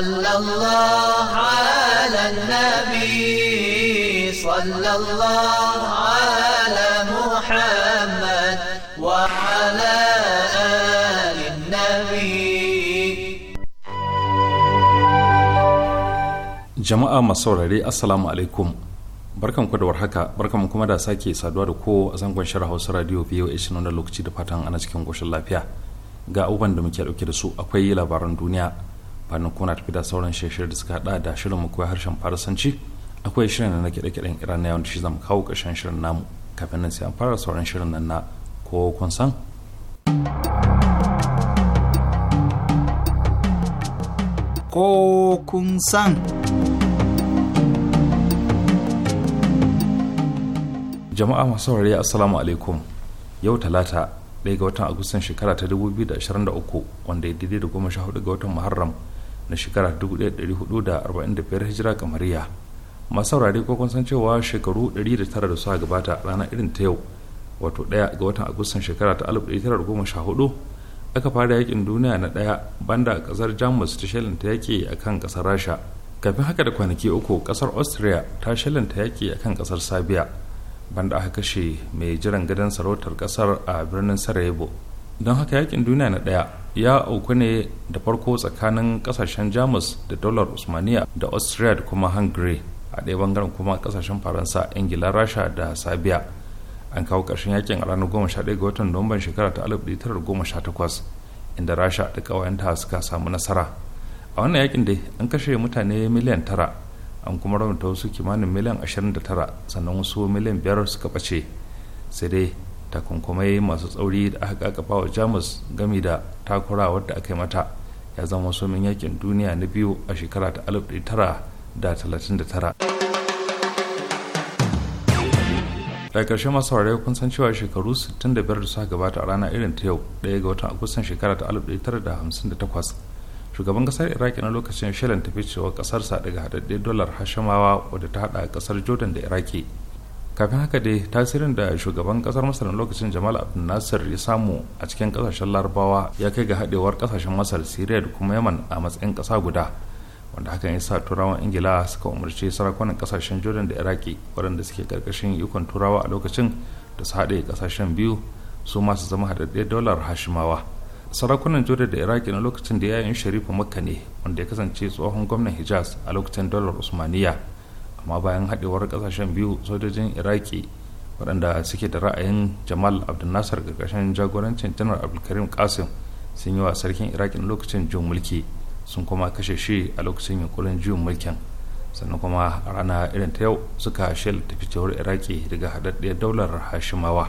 صلى الله على النبي صلى الله على محمد وعلى آل النبي jama'a masu saurare assalamu alaikum barkan ku da warhaka barkan kuma da sake saduwa da ko a zangon shirin hausa radio voh na lokaci da fatan ana cikin goshin lafiya ga abubuwan da muke dauke da su akwai labaran duniya fannin kuna tafi da sauran shirye da suka hada da shirin koyi harshen farasanci akwai shirin na kiɗe-kiɗen iran na yawan da shi zama kawo ƙarshen shirin namu kafin nan sai an fara sauran shirin nan na ko kun san ko kun san jama'a masu saurari assalamu alaikum yau talata ɗaya ga watan agustan shekara ta 2023 wanda ya daidai da goma sha hudu ga watan muharram na shekara 1445 hijira kamariya masu saurari ko kun san cewa shekaru 109 da suka gabata ranar irin ta yau wato daya ga watan agustan shekara ta 1914 aka fara yakin duniya na daya banda a kasar jamus ta shelanta yaki a kan kasar rasha kafin haka da kwanaki uku kasar austria ta shelanta yaki a kan kasar sabiya banda aka kashe mai jiran gadon sarautar kasar a birnin sarajevo don haka yakin duniya na ɗaya ya auku ne da farko tsakanin kasashen jamus da dolar usmaniya da austria da kuma hungary a ɗaya bangaren kuma kasashen faransa ingila rasha da sabiya an kawo ƙarshen yakin a ranar 11 ga watan nuwamban shekara ta 1918 inda rasha da ƙawayenta suka samu nasara a wannan yakin dai an kashe mutane miliyan tara an kuma raunta wasu kimanin miliyan 29 sannan wasu miliyan biyar suka ɓace sai dai takunkumai masu tsauri da aka kakaba wa jamus gami da takura wadda aka yi mata ya zama somin yakin duniya na biyu a shekara ta 1939 daga ƙarshe masu saurare kun san cewa shekaru 65 da suka gabata a rana irin ta yau ɗaya ga watan agustan shekara ta 1958 shugaban kasar iraki na lokacin shirin tafi cewa kasarsa daga haɗaɗɗen dolar hashamawa wadda ta haɗa kasar jordan da iraki kafin haka dai tasirin da shugaban kasar masar na lokacin jamal abdul nasir ya samu a cikin kasashen larabawa ya kai ga haɗewar kasashen masar siriya da kuma yaman a matsayin ƙasa guda wanda hakan ya sa turawan ingila suka umarci sarakunan kasashen jordan da iraki waɗanda suke karkashin ikon turawa a lokacin da su haɗe kasashen biyu su masu zama haɗaɗɗiyar dolar hashimawa sarakunan jordan da iraki na lokacin da yayin sharifa makka ne wanda ya kasance tsohon gwamnan hijaz a lokacin dolar usmaniya amma bayan haɗewar ƙasashen biyu sojojin iraki waɗanda suke da ra'ayin jamal abdulnasar ƙarƙashin jagorancin janar abdulkarim kasim sun yi wa sarkin iraki na lokacin jin mulki sun kuma kashe shi a lokacin yunkurin juyin mulkin sannan kuma a rana irin ta yau suka shel tafi cewar iraki daga haɗaɗɗiyar daular hashimawa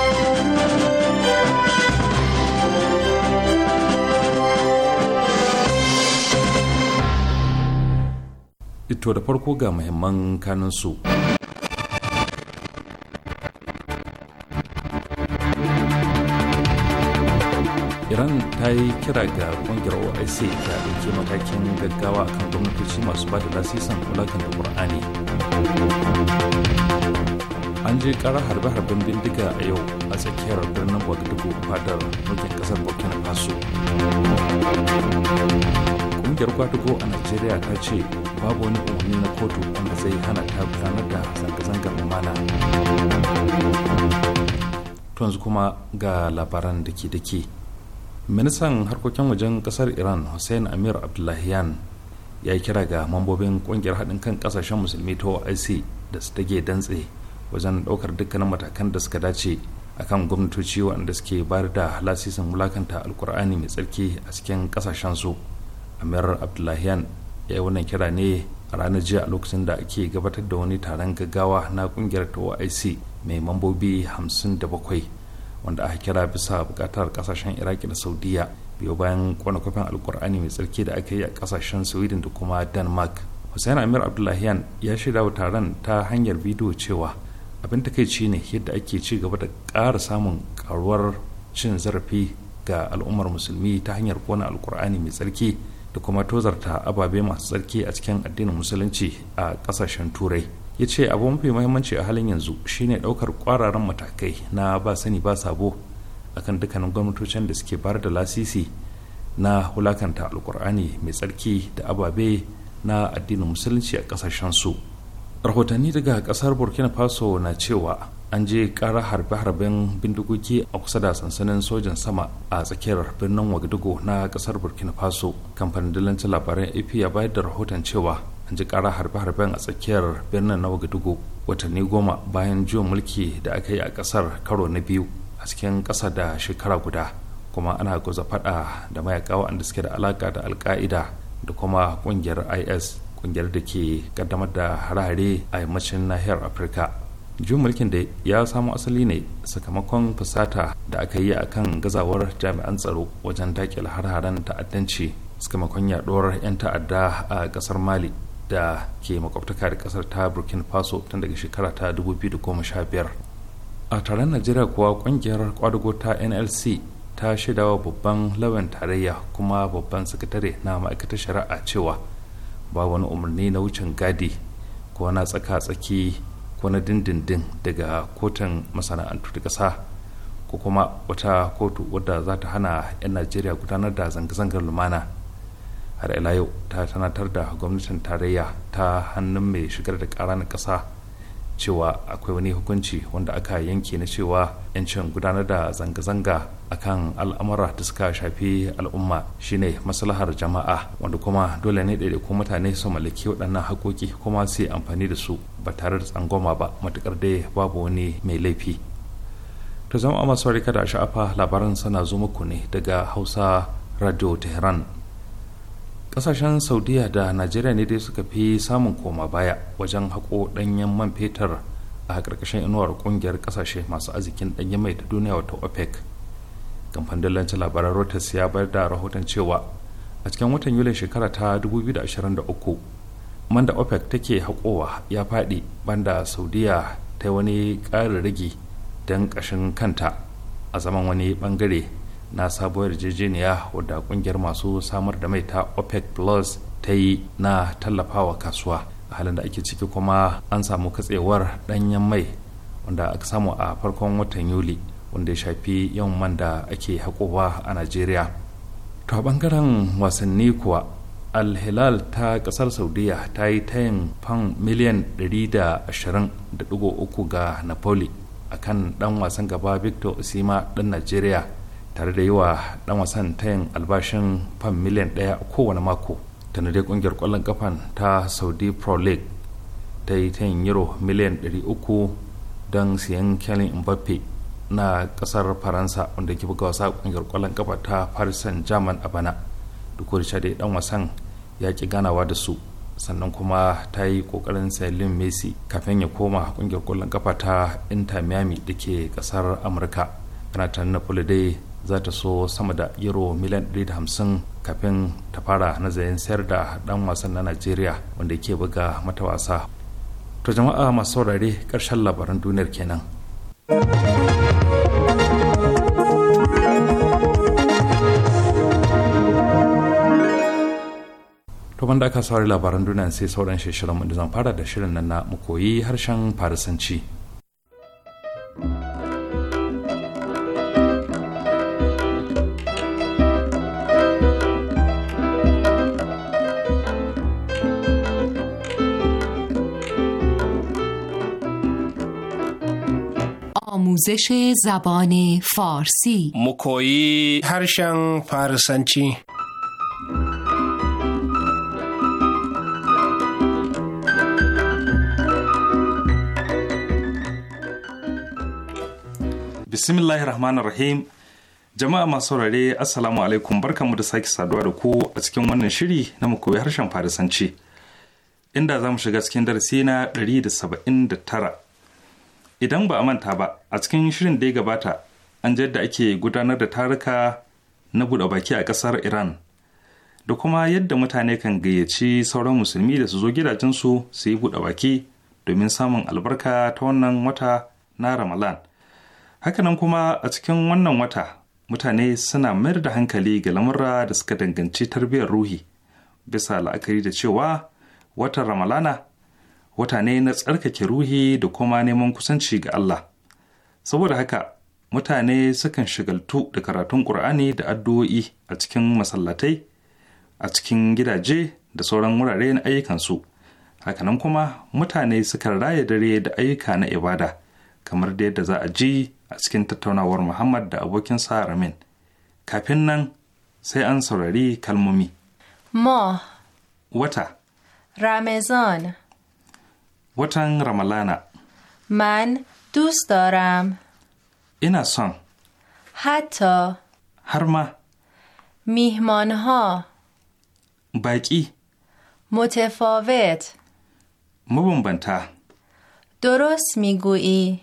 ito da farko ga muhimman kaninsu. iran ta yi kira ga kungiyar oic ta ɗauki matakin gaggawa kan gwamnatoci masu ba da lasisan kulakan da ƙur'ani an je ƙara harbe-harben bindiga a yau a tsakiyar birnin wagadugu fadar mulkin ƙasar burkina faso ƙungiyar kwadugo a najeriya ta ce babu wani umarni na kotu wanda zai hana ta gudanar da zanga-zangar lumana yanzu kuma ga labaran da ke dake ministan harkokin wajen kasar iran hussein amir abdullahian ya kira ga mambobin kungiyar haɗin kan ƙasashen musulmi ta oic da su tage dantse wajen ɗaukar dukkanin matakan da suka dace a kan gwamnatoci waɗanda suke bayar da lasisin wulakanta alkur'ani mai tsarki a cikin su amir abdullahian ya yi wannan kira ne a ranar jiya a lokacin da ake gabatar da wani taron gaggawa na kungiyar ta oic mai mambobi 57 wanda aka kira bisa bukatar kasashen iraki da saudiya biyo bayan kwana kwafin alkur'ani mai tsarki da aka yi a kasashen sweden da kuma denmark hussein amir abdullahian ya shirya wa taron ta hanyar bidiyo cewa abin takaici ne yadda ake ci gaba da ƙara samun karuwar cin zarafi ga al'ummar musulmi ta hanyar kona alkur'ani mai tsarki da kuma tozarta ababe masu tsarki a cikin addinin musulunci a kasashen turai ya ce abu mafi mahimmanci a halin yanzu shine ɗaukar kwararan matakai na ba sani ba sabo akan dukkanin gwamnatocin da suke bayar da lasisi na hulakanta alkur'ani mai tsarki da ababe na addinin musulunci a kasashen su rahotanni daga kasar burkina faso na cewa an je kara harbe-harben bindigogi a kusa da sansanin sojan sama a tsakiyar birnin wagadugo na ƙasar burkina faso kamfanin dillancin labaran ap ya bayar da rahoton cewa an ji ƙara harbe-harben a tsakiyar birnin na wagdugo watanni goma bayan juyin mulki da aka yi a ƙasar karo na biyu a cikin ƙasa da shekara guda kuma ana guza faɗa da mayaka waɗanda suke da alaƙa da alka'ida da kuma ƙungiyar is ƙungiyar da ke ƙaddamar da harare a yammacin nahiyar afirka juyin mulkin da ya samo asali ne sakamakon fusata da aka yi a kan gazawar jami'an tsaro wajen dakile har-haren ta'addanci sakamakon yaɗuwar 'yan ta'adda a ƙasar mali da ke makwabtaka da ƙasar ta burkina faso tun daga shekara ta 2015 a taron najeriya kuwa ƙungiyar kwadugo ta nlc ta shaidawa babban lawan tarayya kuma babban sakatare na ma'aikatar shari'a cewa ba wani umarni na wucin gadi ko na tsaka-tsaki wani dindindin daga kotun masana'antu da ƙasa ko kuma wata kotu wadda za ta hana 'yan najeriya gudanar da zanga-zangar lumana har ila yau ta tanatar da gwamnatin tarayya ta hannun mai shigar da ƙara na ƙasa cewa akwai wani hukunci wanda aka yanke na cewa 'yancin gudanar da zanga-zanga akan al'amura da suka shafi al'umma shine maslahar jama'a wanda kuma dole ne ko mutane su mallaki waɗannan haƙoƙi kuma su amfani da su ba tare da tsangwama ba matuƙar dai babu wani mai laifi ta zama masu kada a sha'afa labaran sana zo muku ne daga hausa radio tehran kasashen saudiya da najeriya ne dai suka fi samun koma baya wajen haƙo ɗanyen man fetur a ƙarƙashin inuwar ƙungiyar ƙasashe masu arzikin ɗanyen mai ta duniya wato opec kamfanin dillancin labaran reuters ya bayar da rahoton cewa a cikin watan yuli shekara ta 2023 man da opec take haƙowa ya faɗi banda saudiya ta wani ƙarin rage don ƙashin kanta a zaman wani ɓangare na sabuwar yarjejeniya wadda kungiyar masu samar da mai ta opec plus ta yi na tallafawa kasuwa a halin da ake ciki kuma an samu katsewar danyen mai wanda aka samu a farkon watan yuli wanda ya shafi yawan man da ake haƙowa a najeriya to a bangaren wasanni kuwa alhilal ta ƙasar saudiya ta yi tayin fan miliyan 120.3 ga napoli akan dan wasan gaba victor osima dan najeriya tare da yi wa dan wasan tayin albashin fan miliyan ɗaya a kowane mako dai kungiyar kwallon kafan ta saudi pro league ta yi yin euro miliyan 300 don siyan kyalin mbappe na kasar faransa wanda ke buga wasa kungiyar kwallon kafa ta paris saint german a bana duk da dai dan wasan ya ki ganawa da su sannan kuma ta yi kokarin sailin messi kafin ya koma kungiyar kwallon kafa ta inter miami da ke kasar amurka kana tare napoli dai za ta so sama da euro miliyan 150 kafin ta fara nazarin sayar da dan wasan na najeriya wanda ke buga mata wasa to jama'a masu saurare karshen labaran duniyar kenan to banda aka saurari labaran duniya sai sauran shirin da zan fara da shirin nan na mu koyi harshen farisanci آموزش زبان فارسی مکوی هرشن فارسنچی بسم الله الرحمن الرحيم Jama'a masu saurare Assalamu alaikum mu da sake saduwa da ku a cikin wannan shiri na mu koyi harshen Farisanci. Inda za mu shiga cikin darasi na 179 idan ba a manta ba a cikin shirin da ya gabata an jadda ake gudanar da taruka na buɗe baki a ƙasar iran da kuma yadda mutane kan gayyaci sauran musulmi da su zo gidajensu su yi buɗe baki domin samun albarka ta wannan wata na ramalan hakanan kuma a cikin wannan wata mutane suna mayar da hankali ga lamurra da suka danganci tarbiyyar ruhi bisa la'akari da cewa watan ramalana wata ne na tsarkake ruhi da kuma neman kusanci ga Allah saboda haka mutane sukan shigaltu da karatun ƙur'ani da addu'o'i a cikin masallatai a cikin gidaje da sauran wurare na ayyukansu hakanan kuma mutane sukan raya dare da ayyuka na ibada kamar da yadda za a ji a cikin tattaunawar muhammad da abokin ramin kafin nan sai an saurari kalmomi Mo. wata ramazan watan Ramalana. Man dust Ina son. Hata. Har ma. Mihman ha. Baƙi. Mutafawet. Mabambanta. Doros migui.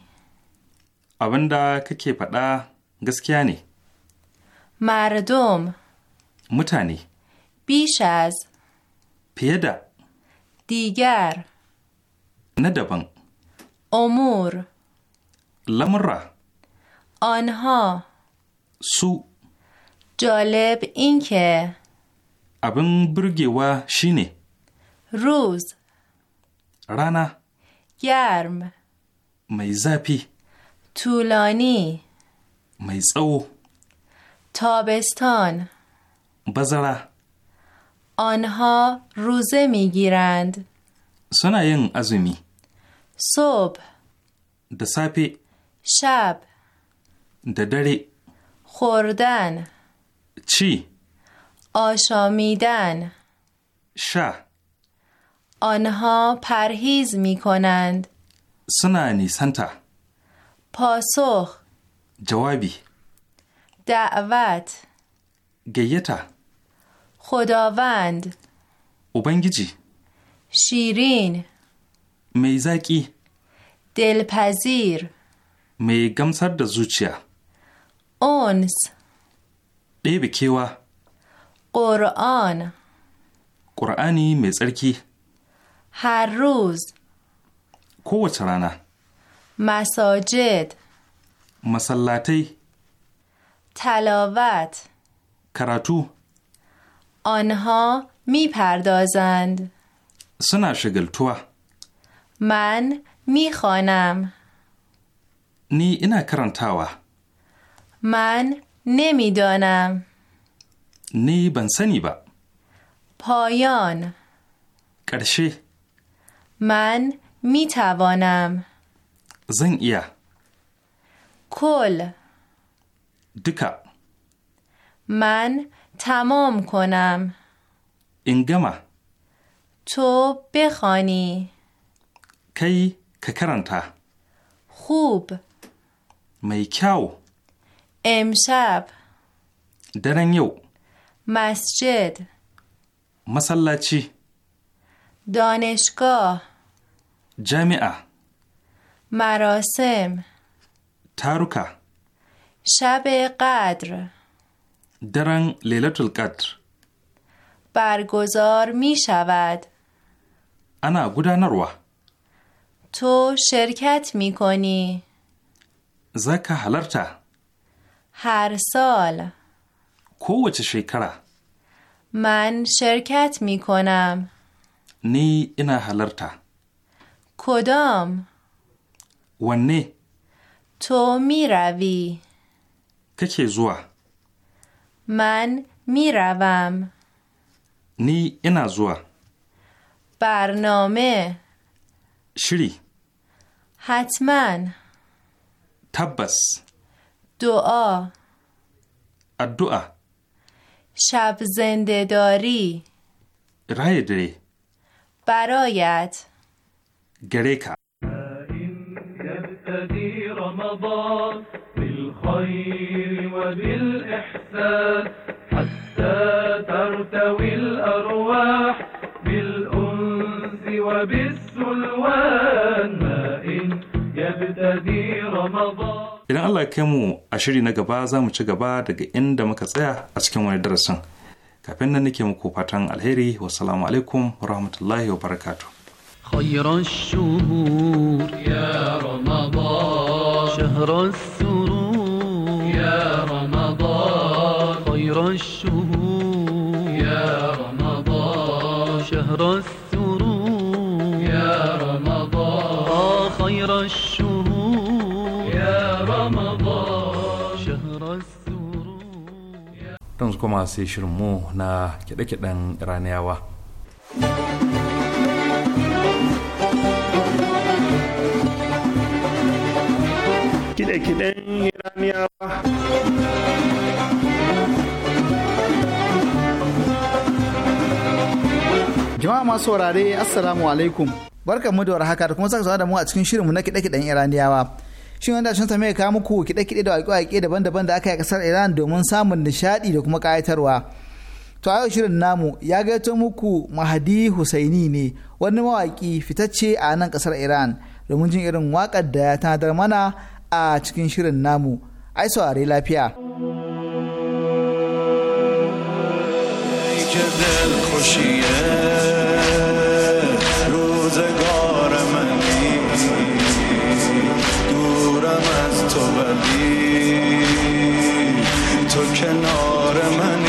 Abinda kake faɗa gaskiya ne. Mardum. Mutane. Bishaz. Fiye da. Digar. نه دبن امور لمره آنها سو جالب اینکه ابن برگی و شینه روز رانا گرم می طولانی می تابستان بزره آنها روزه میگیرند سنایین ازمی صبح د سپی شب د دری خوردن چی آشامیدن شه آنها پرهیز می کنند سنانی سنتا پاسخ جوابی دعوت گیتا خداوند اوبنگیجی شیرین mai zaƙi. Delpazir. Mai gamsar da zuciya. Ons. Ɗebe kewa. Ƙor'an. Ƙur'ani mai tsarki. Haruz. Kowace rana. Masajid. Masallatai. Talawat. Karatu. آنها می پردازند. Suna شگلتوه. من میخوانم نی اینا کرانتاوا من نمیدانم نی بنسنی با پایان کرشی من میتوانم زن ایا کل دکا من تمام کنم اینگما تو بخوانی کی که کرنتا خوب می امشب درن یو مسجد مسلاچی دانشگاه جامعه مراسم تاروکا شب قدر درن لیلت القدر برگزار می شود انا گودانروا تو شرکت می کنی زکه حلرتا هر سال کووچه شکره من شرکت می کنم نی اینا حلرتا کدام و تو می روی زوا من می روم نی اینا زوا برنامه شری حتما تبس دعا الدعا شب زنده داری رای برایت گریکا يبتدي رمضان بالخير وبالإحسان حتى ترتوي الأرواح بالأنس وبالسلوان idan Allah ya kai mu a shiri na gaba za mu ci gaba daga inda muka tsaya a cikin wani darasin kafin nan nake muku fatan alheri wassalamu alaikum rahmatullahi wa barakatu خير الشهور يا رمضان شهر السرور يا رمضان خير الشهور يا رمضان شهر السرور يا رمضان خير الشهور don kuma sai shirinmu na kiɗe-kiɗen raniyawa kiɗe-kiɗen raniyawa jama'a masu warare assalamu alaikum barkan mu haka warhaka da kuma saka da mu a cikin shirinmu na kiɗe-kiɗen raniyawa shin wanda sun same ka muku kiɗe-kiɗe da waƙe-waƙe daban-daban da aka yi ƙasar iran domin samun nishaɗi da kuma ƙayatarwa to yau shirin namu ya gaito muku mahadi husaini ne wani mawaƙi fitacce a nan ƙasar iran domin jin irin waƙar da ya tanadar mana a cikin shirin namu ai saurare lafiya خوشیه کنار من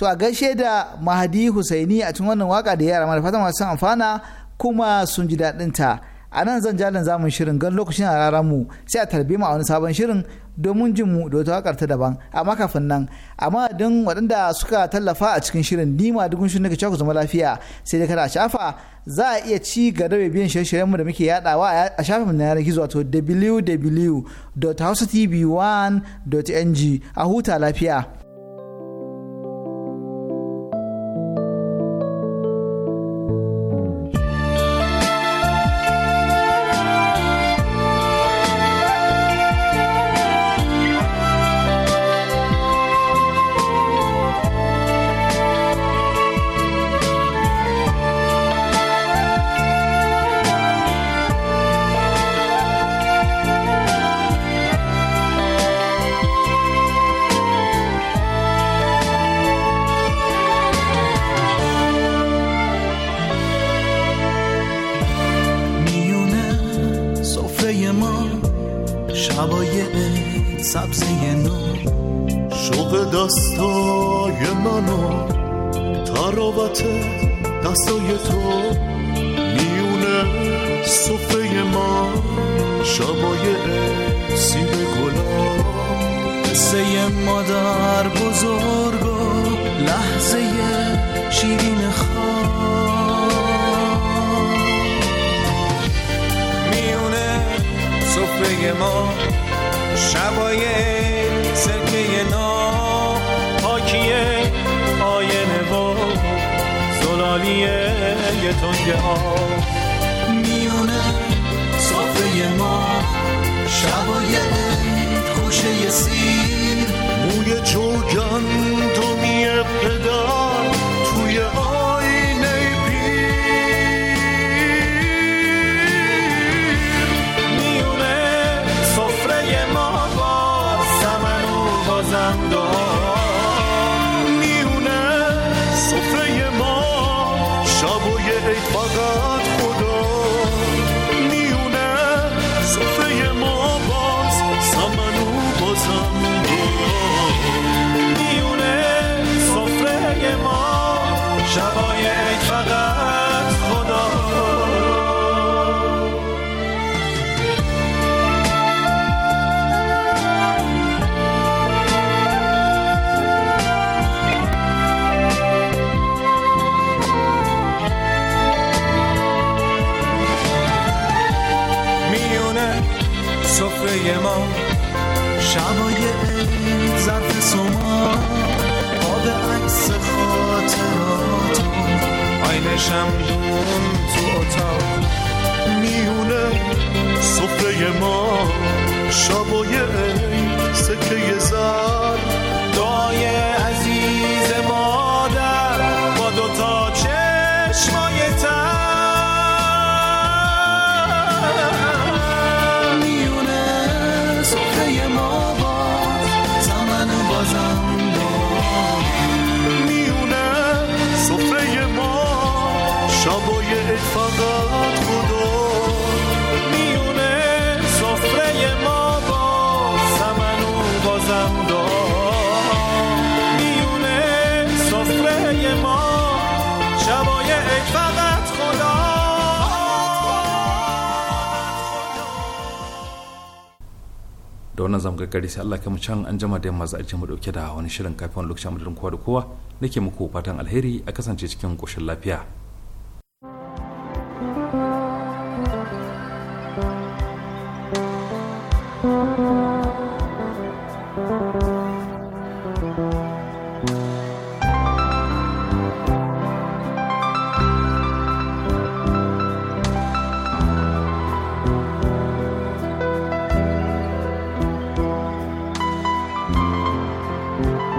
to a gaishe da mahadi husaini a cikin wannan waka da yara mara fatan masu amfana kuma sun ji daɗin ta a nan zan jalin zamun shirin gan lokacin a raran mu sai a tarbe mu a wani sabon shirin domin jin mu da wata wakar ta daban amma kafin nan amma don waɗanda suka tallafa a cikin shirin nima dukun shirin daga ku zama lafiya sai dai kada a shafa za a iya ci ga da biyan shirye mu da muke yadawa a shafin na yanar gizo wato www.housetv1.ng a huta lafiya. ما شبای سرکه نا پاکی آینه و زلالیه یه تنگ آب میونه صافه ما شبای خوشه سیر موی چوگان تو میه پدر فقط بودو میونه سفره ما با سمن و بازم میونه سفره ما فقط خدا da wannan zamu gari sai Allah kai mu can an jama da yamma za a ce mu dauke da wani shirin kafin lokacin mu da kowa da kowa nake muku fatan alheri a kasance cikin koshin lafiya Thank you.